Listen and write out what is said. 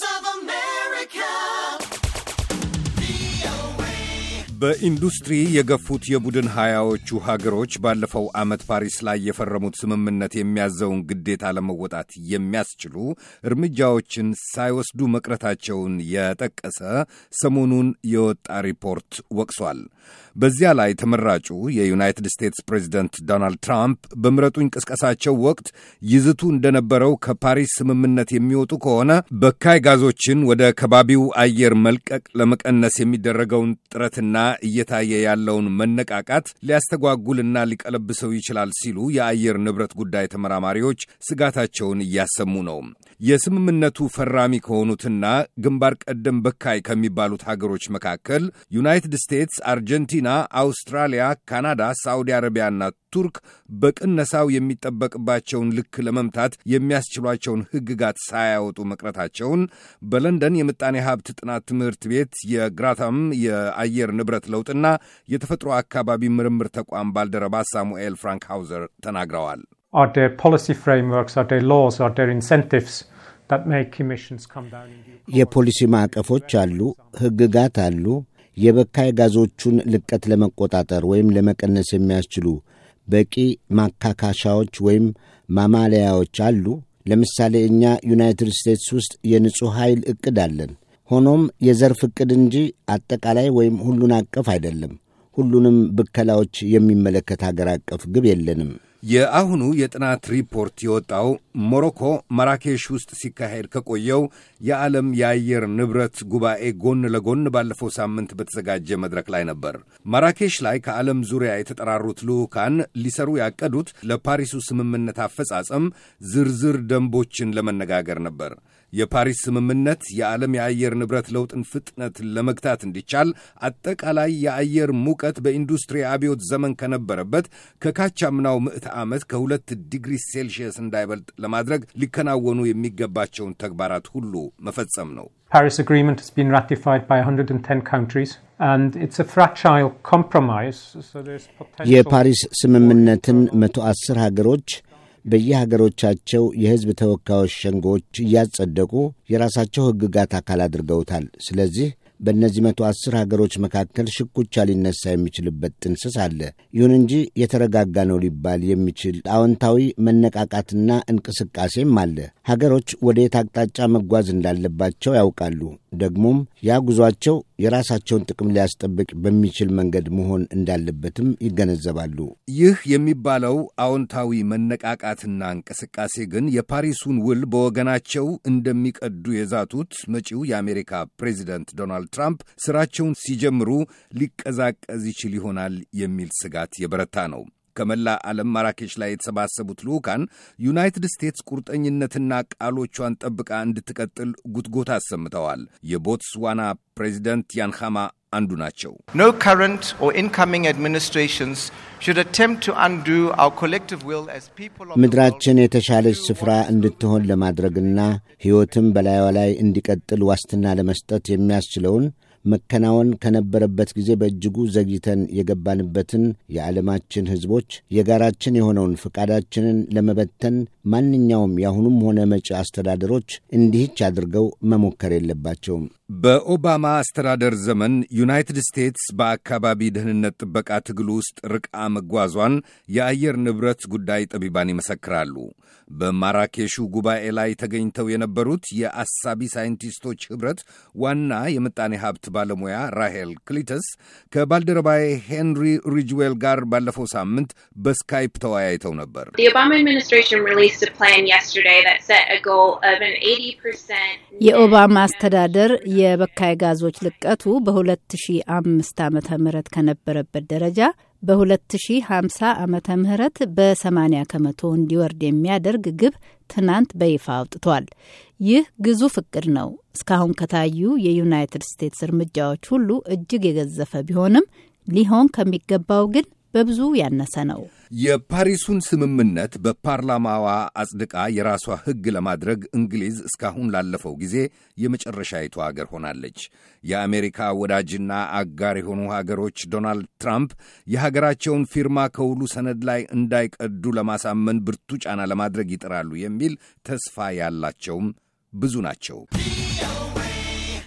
of America. በኢንዱስትሪ የገፉት የቡድን ሀያዎቹ ሀገሮች ባለፈው ዓመት ፓሪስ ላይ የፈረሙት ስምምነት የሚያዘውን ግዴታ ለመወጣት የሚያስችሉ እርምጃዎችን ሳይወስዱ መቅረታቸውን የጠቀሰ ሰሞኑን የወጣ ሪፖርት ወቅሷል። በዚያ ላይ ተመራጩ የዩናይትድ ስቴትስ ፕሬዚደንት ዶናልድ ትራምፕ በምረጡኝ ቅስቀሳቸው ወቅት ይዝቱ እንደነበረው ከፓሪስ ስምምነት የሚወጡ ከሆነ በካይ ጋዞችን ወደ ከባቢው አየር መልቀቅ ለመቀነስ የሚደረገውን ጥረትና እየታየ ያለውን መነቃቃት ሊያስተጓጉልና ሊቀለብሰው ይችላል ሲሉ የአየር ንብረት ጉዳይ ተመራማሪዎች ስጋታቸውን እያሰሙ ነው። የስምምነቱ ፈራሚ ከሆኑትና ግንባር ቀደም በካይ ከሚባሉት ሀገሮች መካከል ዩናይትድ ስቴትስ፣ አርጀንቲና፣ አውስትራሊያ፣ ካናዳ፣ ሳዑዲ አረቢያና ቱርክ በቅነሳው የሚጠበቅባቸውን ልክ ለመምታት የሚያስችሏቸውን ሕግጋት ሳያወጡ መቅረታቸውን በለንደን የምጣኔ ሀብት ጥናት ትምህርት ቤት የግራታም የአየር ንብረት የአየር ለውጥና የተፈጥሮ አካባቢ ምርምር ተቋም ባልደረባ ሳሙኤል ፍራንክ ሃውዘር ተናግረዋል። የፖሊሲ ማዕቀፎች አሉ፣ ሕግጋት አሉ። የበካይ ጋዞቹን ልቀት ለመቆጣጠር ወይም ለመቀነስ የሚያስችሉ በቂ ማካካሻዎች ወይም ማማለያዎች አሉ። ለምሳሌ እኛ ዩናይትድ ስቴትስ ውስጥ የንጹሕ ኃይል ዕቅድ አለን። ሆኖም የዘርፍ ፍቅድ እንጂ አጠቃላይ ወይም ሁሉን አቀፍ አይደለም። ሁሉንም ብከላዎች የሚመለከት ሀገር አቀፍ ግብ የለንም። የአሁኑ የጥናት ሪፖርት የወጣው ሞሮኮ ማራኬሽ ውስጥ ሲካሄድ ከቆየው የዓለም የአየር ንብረት ጉባኤ ጎን ለጎን ባለፈው ሳምንት በተዘጋጀ መድረክ ላይ ነበር። ማራኬሽ ላይ ከዓለም ዙሪያ የተጠራሩት ልዑካን ሊሰሩ ያቀዱት ለፓሪሱ ስምምነት አፈጻጸም ዝርዝር ደንቦችን ለመነጋገር ነበር። የፓሪስ ስምምነት የዓለም የአየር ንብረት ለውጥን ፍጥነት ለመግታት እንዲቻል አጠቃላይ የአየር ሙቀት በኢንዱስትሪ አብዮት ዘመን ከነበረበት ከካቻምናው ምዕት ዓመት ከሁለት ዲግሪ ሴልሽየስ እንዳይበልጥ ለማድረግ ሊከናወኑ የሚገባቸውን ተግባራት ሁሉ መፈጸም ነው። ፓሪስ አግሪመንት has been ratified by 110 countries and it's a fragile compromise የፓሪስ ስምምነትን 110 ሀገሮች በየሀገሮቻቸው የሕዝብ ተወካዮች ሸንጎዎች እያጸደቁ የራሳቸው ሕግጋት አካል አድርገውታል። ስለዚህ በእነዚህ መቶ አስር ሀገሮች መካከል ሽኩቻ ሊነሳ የሚችልበት ጥንስስ አለ። ይሁን እንጂ የተረጋጋ ነው ሊባል የሚችል አዎንታዊ መነቃቃትና እንቅስቃሴም አለ። ሀገሮች ወደየት አቅጣጫ መጓዝ እንዳለባቸው ያውቃሉ። ደግሞም ያ ጉዟቸው የራሳቸውን ጥቅም ሊያስጠብቅ በሚችል መንገድ መሆን እንዳለበትም ይገነዘባሉ። ይህ የሚባለው አዎንታዊ መነቃቃትና እንቅስቃሴ ግን የፓሪሱን ውል በወገናቸው እንደሚቀዱ የዛቱት መጪው የአሜሪካ ፕሬዚደንት ዶናልድ ትራምፕ ስራቸውን ሲጀምሩ ሊቀዛቀዝ ይችል ይሆናል የሚል ስጋት የበረታ ነው። ከመላ ዓለም ማራኬሽ ላይ የተሰባሰቡት ልዑካን ዩናይትድ ስቴትስ ቁርጠኝነትና ቃሎቿን ጠብቃ እንድትቀጥል ጉትጎታ አሰምተዋል። የቦትስዋና ፕሬዚደንት ያንሃማ አንዱ ናቸው። ምድራችን የተሻለች ስፍራ እንድትሆን ለማድረግና ሕይወትም በላይዋ ላይ እንዲቀጥል ዋስትና ለመስጠት የሚያስችለውን መከናወን ከነበረበት ጊዜ በእጅጉ ዘግይተን የገባንበትን የዓለማችን ሕዝቦች የጋራችን የሆነውን ፈቃዳችንን ለመበተን ማንኛውም የአሁኑም ሆነ መጪ አስተዳደሮች እንዲህች አድርገው መሞከር የለባቸውም። በኦባማ አስተዳደር ዘመን ዩናይትድ ስቴትስ በአካባቢ ደህንነት ጥበቃ ትግል ውስጥ ርቃ መጓዟን የአየር ንብረት ጉዳይ ጠቢባን ይመሰክራሉ። በማራኬሹ ጉባኤ ላይ ተገኝተው የነበሩት የአሳቢ ሳይንቲስቶች ኅብረት ዋና የምጣኔ ሀብት ባለሙያ ራሄል ክሊተስ ከባልደረባዬ ሄንሪ ሪጅዌል ጋር ባለፈው ሳምንት በስካይፕ ተወያይተው ነበር። የኦባማ አስተዳደር የበካይ ጋዞች ልቀቱ በ2005 ዓ.ም ከነበረበት ደረጃ በ2050 ም በ80 ከመቶ እንዲወርድ የሚያደርግ ግብ ትናንት በይፋ አውጥቷል። ይህ ግዙፍ እቅድ ነው። እስካሁን ከታዩ የዩናይትድ ስቴትስ እርምጃዎች ሁሉ እጅግ የገዘፈ ቢሆንም ሊሆን ከሚገባው ግን በብዙ ያነሰ ነው። የፓሪሱን ስምምነት በፓርላማዋ አጽድቃ የራሷ ሕግ ለማድረግ እንግሊዝ እስካሁን ላለፈው ጊዜ የመጨረሻይቱ አገር ሆናለች። የአሜሪካ ወዳጅና አጋር የሆኑ ሀገሮች ዶናልድ ትራምፕ የሀገራቸውን ፊርማ ከውሉ ሰነድ ላይ እንዳይቀዱ ለማሳመን ብርቱ ጫና ለማድረግ ይጥራሉ የሚል ተስፋ ያላቸውም ብዙ ናቸው።